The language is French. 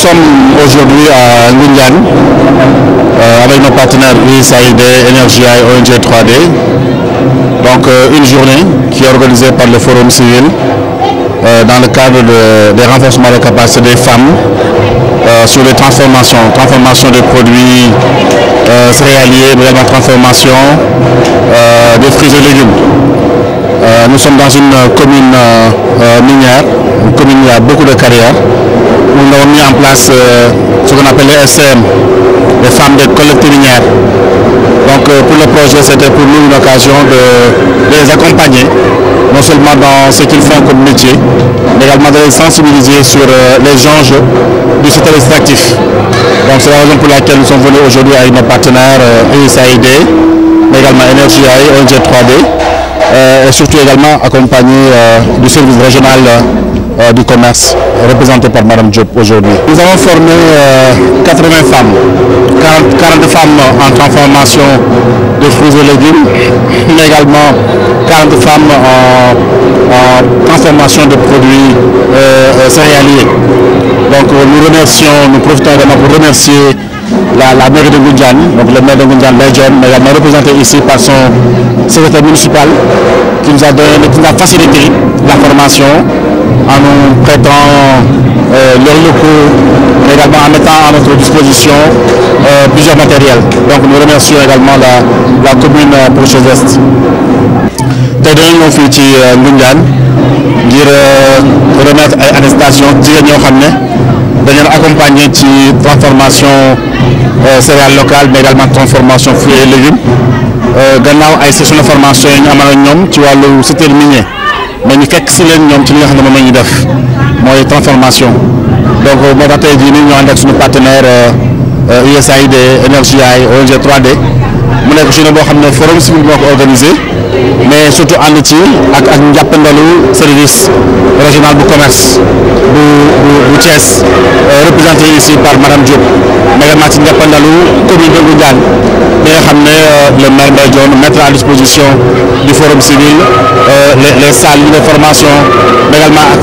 Nous sommes aujourd'hui à Ngundian euh, avec nos partenaires USAID, Energy et ONG 3D. Donc euh, une journée qui est organisée par le Forum civil euh, dans le cadre des renforcements de capacité des femmes sur les transformations, transformation des produits céréaliers, la transformation des fruits et légumes. Euh, nous sommes dans une euh, commune euh, minière, une commune où a beaucoup de carrières. Nous avons mis en place ce qu'on appelle les SM, les femmes de collectifs Minière. Donc pour le projet, c'était pour nous une occasion de les accompagner, non seulement dans ce qu'ils font comme métier, mais également de les sensibiliser sur les enjeux du secteur extractif. Donc c'est la raison pour laquelle nous sommes venus aujourd'hui avec nos partenaires USAID, mais également NRGI, ONG 3D, euh, et surtout également accompagné euh, du service régional euh, du commerce représenté par Madame Diop aujourd'hui. Nous avons formé 80 femmes, 40, femmes en transformation de fruits et légumes, mais également 40 femmes en, transformation de produits céréaliers. Donc nous remercions, nous profitons également pour remercier la, la, mairie de Goudjane, donc le maire de Gundjan Legend, mais également représenté ici par son secrétaire municipal, qui nous a, donné, qui nous a facilité la formation en nous prêtant euh, leurs locaux, mais également en mettant à notre disposition euh, plusieurs matériels. Donc nous remercions également la, commune euh, pour ce geste. Euh, remettre ay dañu leen ci transformation euh, céréales local mais également transformation fruits et légumes euh, gannaaw ay session de formation yi ñu amal ñoom ci wàllu secteur minier mais ñu fekk si leen ñoom ci li nga xam ne moom la ñuy def mooy transformation donc moo tax tey jii nii ñu ànd ak suñu partenaire USAID euh, Énergie ay ONG 3D. mu avons ci boo bo forum civil organisé mais surtout en ci ak ak service régional du commerce du du euh, représenté ici par Mme Diop mais également ci commune de Ngoundiane bi euh, le maire de mettre à disposition du forum civil euh, les salles de formation également